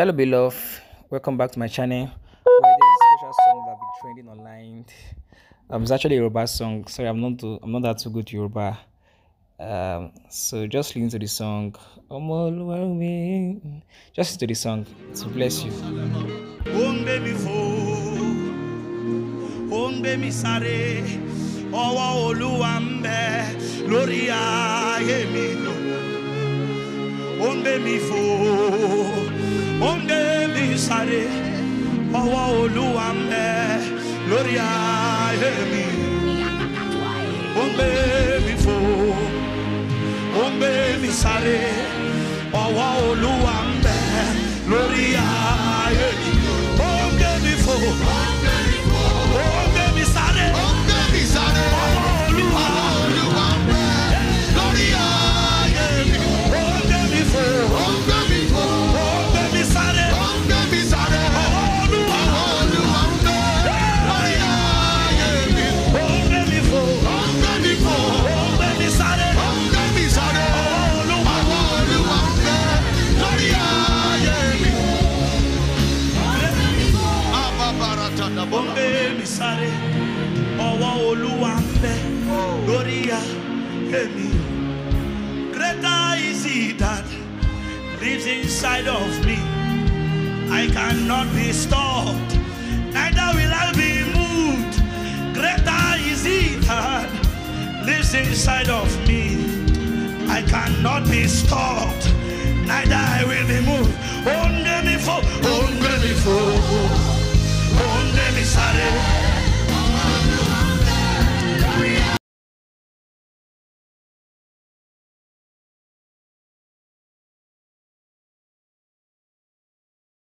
hello beloved welcome back to my channel well there's this special song that be trending online um it's actually a yoruba song sorry i'm not too, i'm not that too good yoruba um so just listen to the song just listen to the song to bless you ọwọ́ olúwa ń bẹ lórí ayé mi lọ ń gbé mi fò ó ọwọ́ olúwa ń bẹ lórí ayé mi ó ń mi fò ó ń mi sáré ọwọ́ olúwa ń bẹ lórí olúwa ń fẹ́ lórí èmi. greater is he that lives inside of me. I cannot be stopped, neither will I be moved. Greater is he that lives inside of me. I cannot be stopped, neither I will be moved. Onde mi fo, onde me fo, onde mi sare.